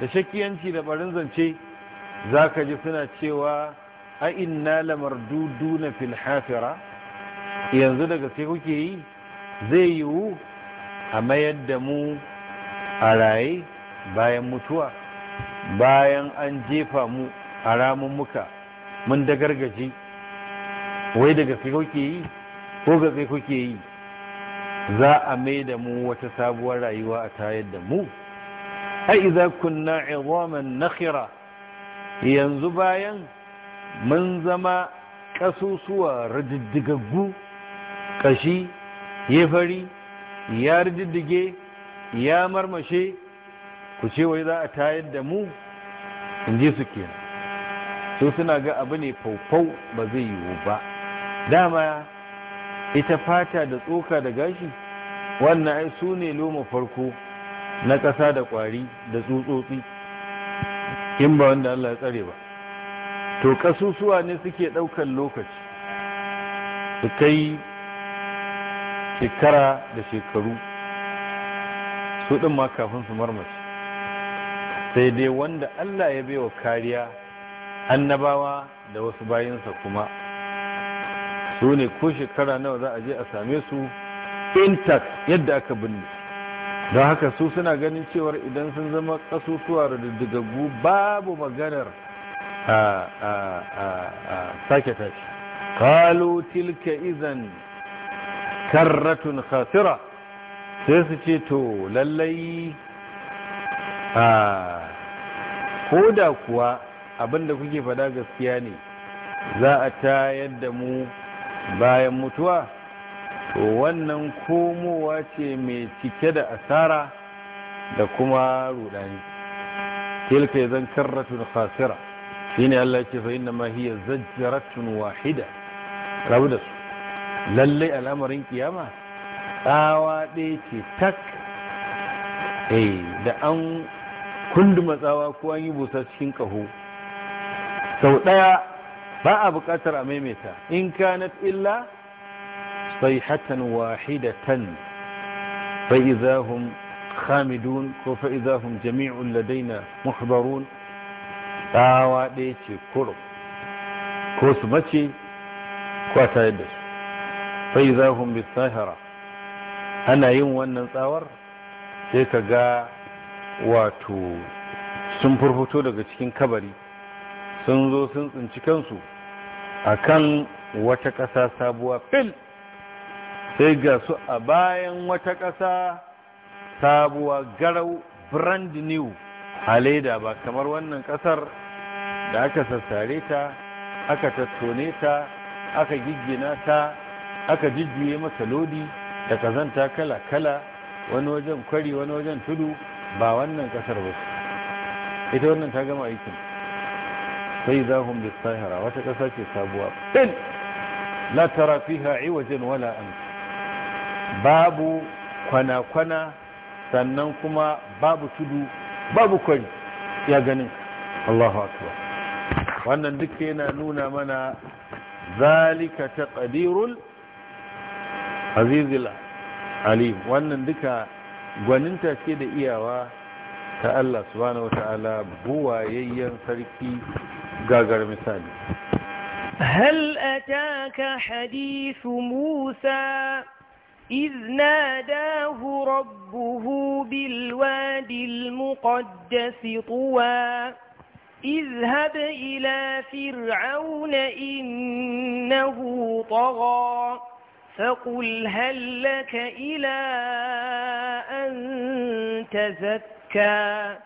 da shakiyanci da barin zance za ka ji suna cewa a inna lamar duduna fil yanzu daga sai kuke yi zai yiwu a mayar da mu a raye bayan mutuwa bayan an jefa mu a ramun muka mun da gargaji wai daga fi kuke yi ko ga kuke yi za a mai da mu wata sabuwar rayuwa a tayar da mu ai idza kunna izaman nakhira yanzu bayan mun zama kasusuwa rididdigaggu kashi ya fari ya riddige ya marmashe ku ce wai za a tayar da mu in ji su ke su suna ga abu ne faufau ba zai yiwu ba dama ita fata da tsoka da gashi wannan ai su ne loma farko na ƙasa da ƙwari da tsutsotsi in ba wanda Allah ya tsare ba to ƙasusuwa ne suke ɗaukar lokaci su kai shekara da shekaru su ɗin ma kafin su marmace sai dai wanda Allah ya baiwa kariya annabawa da wasu bayansa kuma su ne ko shekara nawa za a je a same su intact yadda aka binne don haka su suna ganin cewar idan sun zama ƙasusuwa diddigaggu babu maganar a sake tashi kalu tilka izan karratun khasira sai su ce to lallai a da kuwa abinda kuke fada gaskiya ne za a tayar da mu bayan mutuwa to wannan komowa ce mai cike da asara da kuma rudani tilka zan karratun khasira shine Allah ya ce fa inna ma hiya zajjaratun wahida rabu da su lallai al'amarin kiyama tsawa ɗaya ce tak eh da an kunduma tsawa ko an yi busa cikin ƙaho sau ɗaya ba a buƙatar a maimaita in kanat illa sai hatan wahidatan fa'izahun khamidun ko fa'izahun jami'un ladaina muhbarun tsawa ɗaya ce kurum ko su mace ko a su sai za hun bisahara ana yin wannan tsawar sai ka ga wato sun furfuto daga cikin kabari sun zo sun tsinci kansu a kan wata ƙasa sabuwa fil sai ga su a bayan wata ƙasa sabuwa garau brand new a leda ba kamar wannan ƙasar da aka sassare ta aka tattone ta aka giggina ta aka jijjuye masa lodi da kazanta kala-kala wani wajen kwari wani wajen tudu ba wannan kasar ba ita wannan ta gama aikin sai za hun bi sahara wata kasa ce sabuwa ɗin la tara fiha iwajen wala an babu kwana-kwana sannan kuma babu tudu babu kwari ya ganin Allahu akbar wannan duk yana nuna mana zalika taqdirul azizul alim wannan duka gwaninta ce da iyawa ta Allah subhanahu wataala buwayayyen sarki gagar misali هل أتاك حديث موسى إذ ناداه ربه بالواد المقدس طوى اذهب إلى فرعون إنه طغى فقل هل لك إلى أن تزكى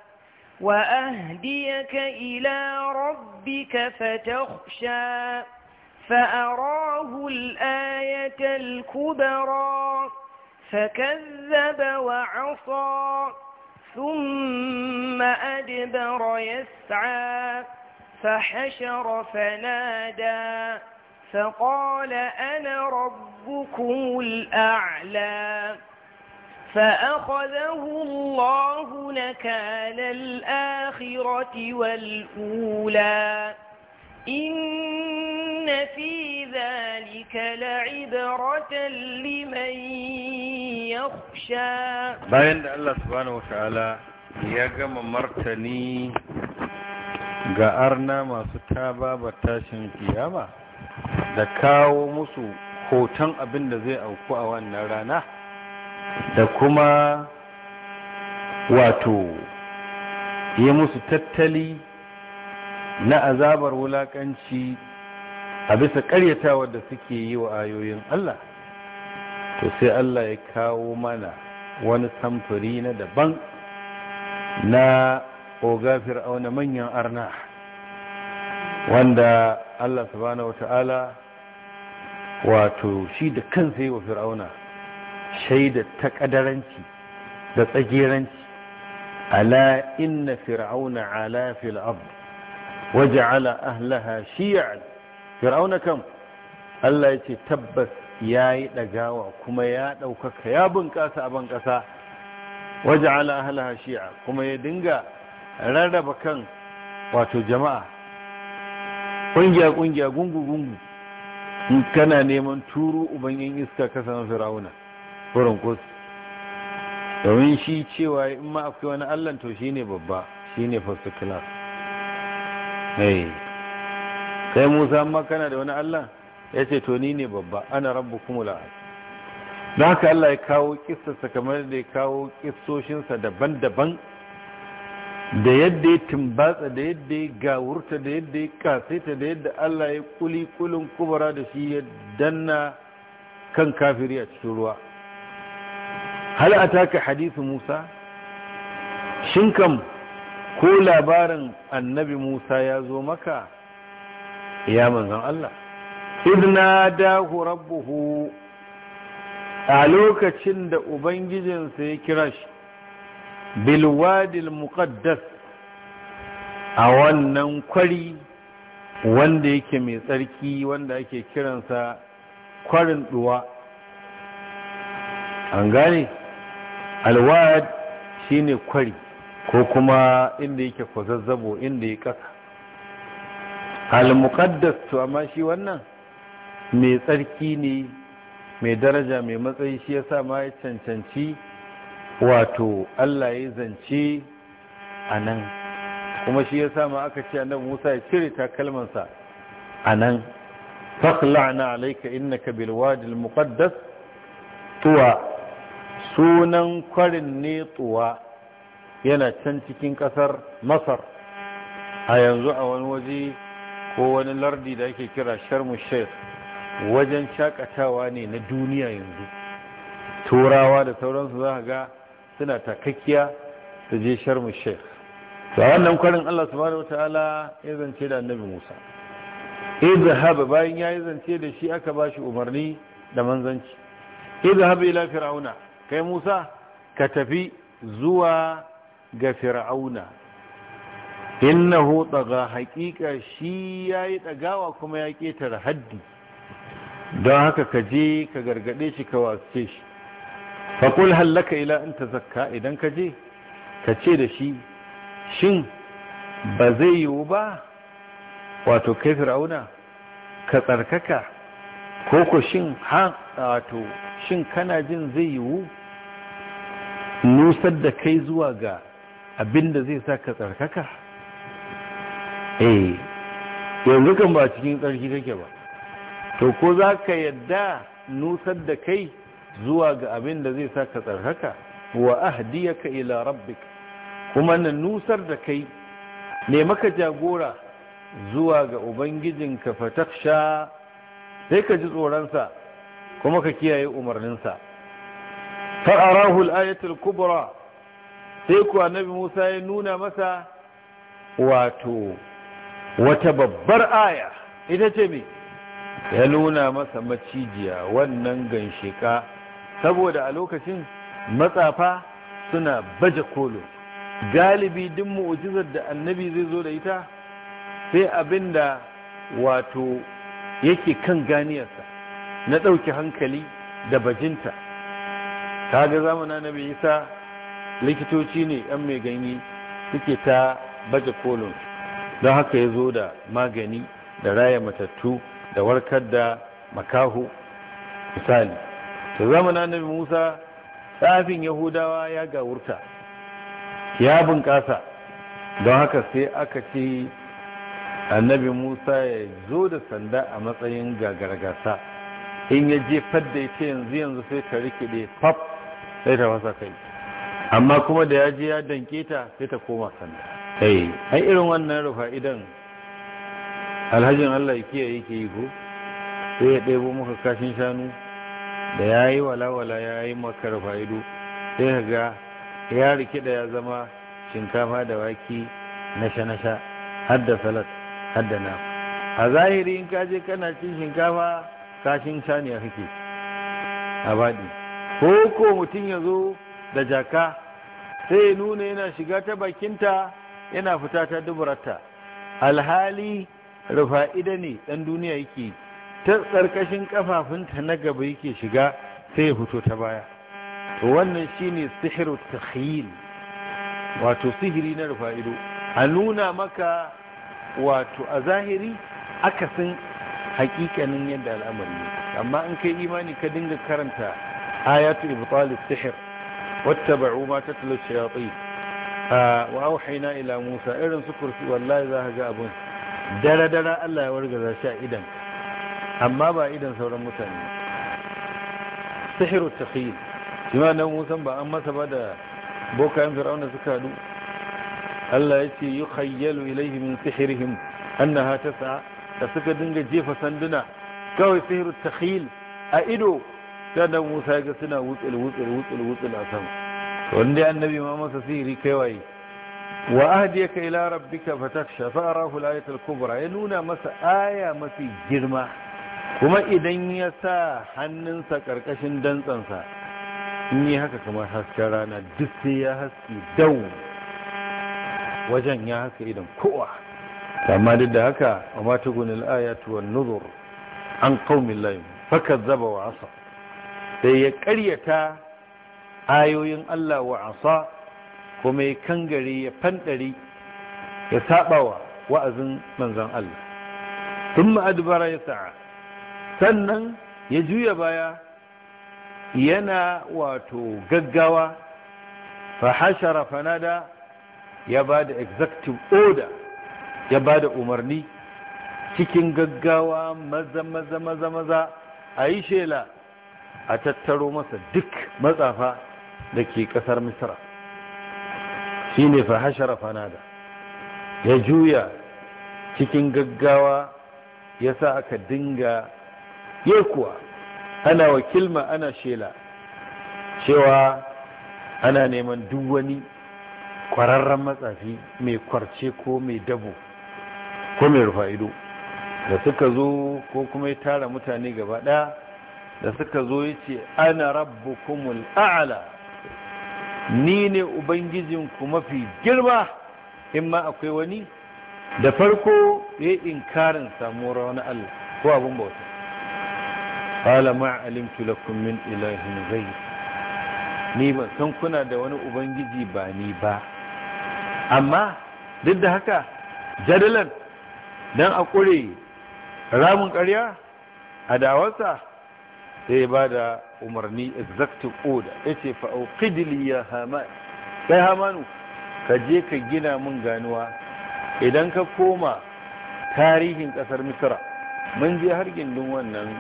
وأهديك إلى ربك فتخشى فأراه الآية الكبرى فكذب وعصى ثم أدبر يسعى فحشر فنادى فقال أنا ربكم الأعلى فأخذه الله نكال الآخرة والأولى إن في ذلك لعبرة لمن يخشى باين الله سبحانه وتعالى يقم مرتني قارنا ما ستابا بتاشن قيامه da kawo musu hoton abin da zai auku a wannan rana da kuma wato yi musu tattali na azabar wulakanci a bisa karyatawa da suke yi wa ayoyin Allah to sai Allah ya kawo mana wani samfuri na daban na ogafir auna manyan arna wanda Allah subhanahu wata'ala wato shi da kansa yi wa fir'auna shaida ta kadaranci da tsagiranci, ala inna fir'auna ala fil ard waja'ala ahlaha shi'an fir'auna kam Allah yace tabbas yayi dagawa kuma ya daukaka ya bunkasa a ban kasa waja'ala shi'a kuma ya dinga rarraba kan wato jama'a ƙungiya ƙungiya gungu gungu in kana neman turu ubangin iska ka samu firauna furin kus domin shi cewa in ma akwai wani allan to shi ne babba shi ne first class kai musa ma kana da wani allan ya ce to ni ne babba ana rabu kuma la'ad da haka allah ya kawo kistarsa kamar da ya kawo kistoshinsa daban-daban da yadda ya timbatsa da yadda ya gawurta da yadda ya kaseta da yadda Allah ya kuli kulin kubara da shi ya danna kan kafiri a cikin ruwa hal taka hadisi Musa shin kam ko labarin annabi Musa ya zo maka ya manzon Allah idna dahu rabbuhu a lokacin da ubangijinsa ya kira shi bilwadil muqaddas a wannan kwari wanda yake mai tsarki wanda ake kiransa kwarin duwa an gane alwad shine kwari ko kuma inda yake kwazazzabo inda ya kasa al-muqaddas to amma shi wannan mai tsarki ne mai daraja mai matsayi shi yasa ma ya cancanci wato Allah ya zance a nan kuma shi ya ma aka ce annabi Musa ya cire takalmansa a nan faqla'na alayka innaka bil wadi al muqaddas tuwa sunan kwarin ne tuwa yana can cikin kasar Masar a yanzu a wani waje ko wani lardi da ake kira Sharm el wajen shakatawa ne na duniya yanzu turawa da sauransu za ga suna takakkiya su je sharmu sheikh ta wannan kwarin Allah subhanahu wataala ya zance da annabi Musa idhhab bayan ya zance da shi aka ba shi umarni da manzanci idhhab ila fir'auna kai Musa ka tafi zuwa ga fir'auna innahu daga haƙiƙa shi ya yi ɗagawa kuma ya ƙetare haddi don haka ka je ka gargaɗe shi ka wace shi faƙul hallaka ila in ta zakka idan ka je ka ce da shi shin ba zai yiwu ba wato kai fir'auna ka tsarkaka ko ko shin wato shin kana jin zai yiwu nusar da kai zuwa ga abin da zai sa ka tsarkaka eh yanzu kan ba cikin tsarki take ba to ko za ka yadda nusar da kai zuwa ga abin da zai sa ka tsarhaka wa ahdiyaka ila rabbik kuma na nusar da kai ne maka jagora zuwa ga Ubangijin ubangijinka fataksha sai ka ji tsoron sa, kuma ka kiyaye umarnin sa. fa arahu al-ayatul kubra sai ku annabi Musa ya nuna masa wato wata babbar aya ita ce me ya nuna masa macijiya wannan ganshika saboda a lokacin matsafa suna baje kolo galibi duk mu'ujizar da annabi zai zo da ita sai abin da wato yake kan ganiyarsa na ɗauki hankali da bajinta kaga zamanin annabi isa likitoci ne 'yan mai ganyi suke ta baje kolon don haka ya zo da magani da raya matattu da warkar da makahu misali da zamanin annabi musa tsafin yahudawa ya gawurta ya bunƙasa don haka sai aka ce annabi musa ya zo da sanda a matsayin gagargasa in ya je fadda ce yanzu yanzu sai ta rikide faf sai ta fasa kai amma kuma da ya je ya danke ta sai ta koma sanda ai ai irin wannan rufa idan alhajin allah ya kiyaye yake yi ko sai ya ɗebo muka kashin shanu da ya yi walawala ya yi makar fa'ido sai ka ga ya rikida ya zama shinkafa da waki nasha-nasha har da salat har da nama a zahiri in kaje kana cin shinkafa kashin saniya kake a baɗi ko ko mutum ya zo da jaka sai ya nuna yana shiga ta bakinta yana fita ta duburarta alhali rufa'ida ne ɗan duniya yake yi ta ƙarƙashin ƙafafunta na gaba yake shiga sai ya fito ta baya to wannan shine sihiru takhil wato sihiri na rufa ido a nuna maka wato a zahiri akasin hakikanin yadda al'amari ne amma in kai imani ka dinga karanta ayatu ibtal sihir wattaba'u ma tatlu shayatin wa auhayna ila musa irin su kursi wallahi za ga abun Dara-dara Allah ya wargaza shi a idan amma ba idan sauran mutane sihiru takhil shi ma nan musan ba an masa ba da bokayen fir'auna suka haɗu Allah ya ce yi khayyalu ilaihi min sihirihim annaha tas'a da suka dinga jefa sanduna kawai sihiru takhil a ido da nan musa ga suna wutsil wutsil wutsil wutsil a sama wanda annabi ma masa sihiri kai waye wa وأهديك إلى ربك فتخشى فأراه الآية الكبرى ya nuna masa aya mafi girma. kuma idan ya sa hannunsa ƙarƙashin dantsansa in yi haka kamar hasken rana duk sai ya haske dau wajen ya haska idan kowa amma duk da haka a matagunin ya wa nuzur an kawmin layin faka zaba wa asa sai ya karyata ayoyin Allah wa asa kuma ya kangare ya fandari ya saɓa wa wa'azin manzan Allah tun ma'adubara ya sa'a sannan ya juya baya yana wato gaggawa fahashara fanada ya ba da executive order ya ba da umarni cikin gaggawa maza maza maza maza a yi shela a tattaro masa duk matsafa da ke kasar misra shi ne fahashara fanada ya juya cikin gaggawa ya sa aka dinga ye kuwa ana wakilma ana shela cewa ana neman duk wani kwararren matsafi mai kwarce ko mai dabo ko mai rufa ido da suka zo ko kuma ya tara mutane gaba ɗaya da suka zo ya ce ana rabbukumul a'ala ni ne ubangijin ku mafi girma in ma akwai wani da farko ya yi inkarin samuwar wani allah ko abin bauta qala ma alimtu lakum min ilahin ghayr ni ba san kuna da wani ubangiji ba ni ba amma duk da haka jadalan dan a ramin ƙarya a dawarsa sai ba da umarni exactive order ya ce fa'auƙidili ya haman sai hamanu ka je ka gina mun ganuwa idan ka koma tarihin ƙasar misira mun je har gindin wannan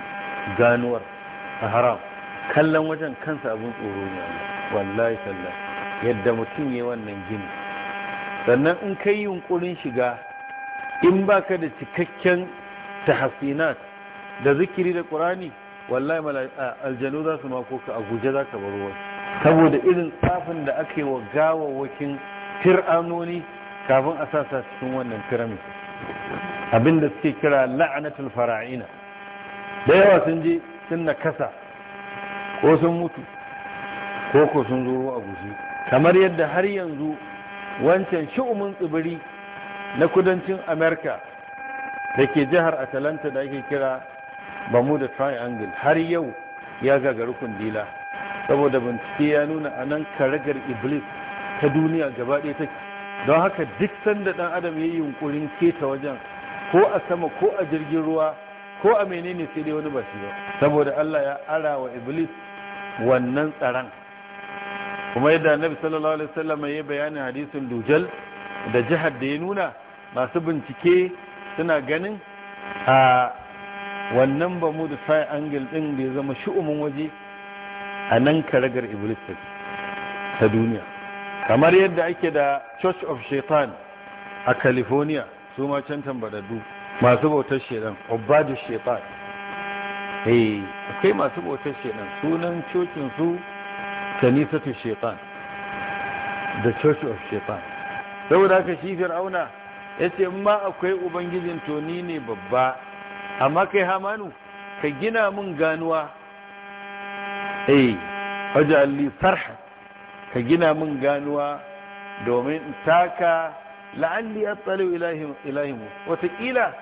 ganuwar a haram kallon wajen kansa abin tsoro ne wallahi sallah yadda mutum ya wannan gini sannan in ka yi yunkurin shiga in baka da cikakken tahassinat da zikiri da qur'ani wallahi aljanu za su mako ka a guje za ka bar saboda irin tsafin da aka yi wa gawawakin fir'anoni kafin a sa cikin wannan firamin abinda suke kira la'anatul fara'ina da yawa sun je sun na kasa ko sun mutu ko ko sun zo a guzi kamar yadda har yanzu wancan shi'umin tsibiri na kudancin america da ke jihar atalanta da ake kira bermuda triangle har yau ya gagari kundila saboda bincike ya nuna a nan karagar iblis ta duniya gaba ɗaya take don haka duk sanda ɗan adam ya yi yunkurin keta wajen ko a sama ko a jirgin ruwa ko a menene sai dai wani ba shi ba saboda Allah ya ara wa iblis wannan tsaron kuma yadda annabi sallallahu alaihi wasallam ya bayanin hadisin dujal da jihar da ya nuna masu bincike suna ganin a wannan ba mu da triangle din da ya zama shu'umin waje a nan karagar iblis ta duniya kamar yadda ake da church of shaitan a california su ma can tambadaddu masu bautar shedan Obadu shefan eh, akwai masu bautar shedan sunan cocin su kanisatu shefan da church of shefan saboda haka shi fir'auna yace in ma akwai ubangijin to ne babba amma kai hamanu ka gina mun ganuwa eh waj'al sarha ka gina mun ganuwa domin taka la'alli yattalu ilahi mu wataƙila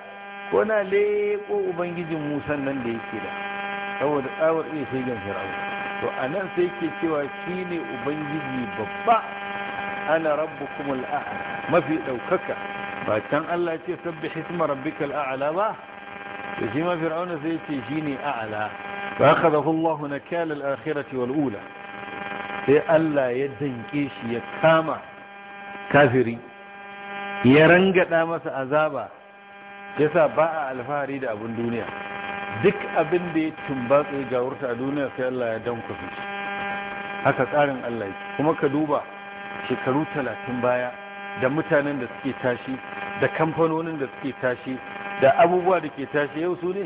ko leƙo ubangijin musa nan da yake da saboda tsawar iya shaigan fir'aun to a nan sai ke cewa shi ne ubangiji babba ana kuma al'a'la mafi ɗaukaka ba can Allah ce sabbi hisma rabbika al'a'la ba to shi ma fir'auna sai ce shi ne a'la fa akhadahu Allah nakal al-akhirati wal ula sai Allah ya danke shi ya kama kafiri ya rangada masa azaba yasa ba a alfahari da abin duniya duk abin da ya tumbatsa ga wurta a duniya sai Allah ya shi haka tsarin Allah kuma ka duba shekaru talatin baya da mutanen da suke tashi da kamfanonin da suke tashi da abubuwa da ke tashi yau su ne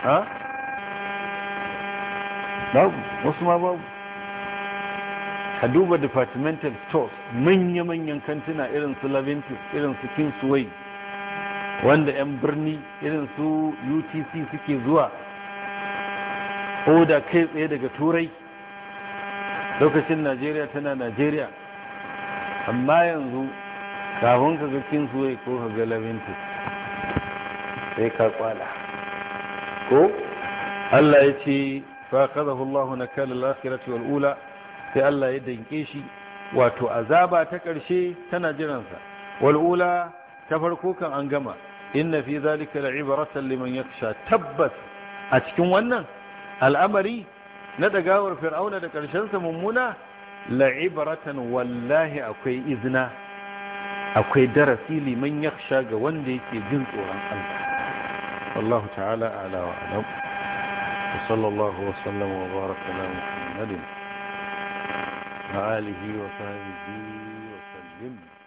ha? babu wasu ma babu a duba departmental stores manya-manyan kantuna irin su laventis irin su kingsway wanda 'yan birni irin su utc suke zuwa oda kai tsaye daga turai lokacin najeriya tana najeriya amma yanzu kafin ka ga kingsway ko ka ga laventis sai ka kwala ko allah ya ce fa kazahu allahu na kalar akhirati walula sai Allah ya danke shi wato azaba ta ƙarshe tana jiransa wal'ula ta farko kan an gama inna fi zalika la'ibratan liman yakhsha tabbas a cikin wannan al'amari na dagawar fir'auna da ƙarshensa mummuna la'ibratan wallahi akwai izina akwai darasi liman yakhsha ga wanda yake jin tsoron Allah wallahu ta'ala ala wa alam wa sallallahu wa sallama wa baraka ala muhammadin آله وصحبه وسلم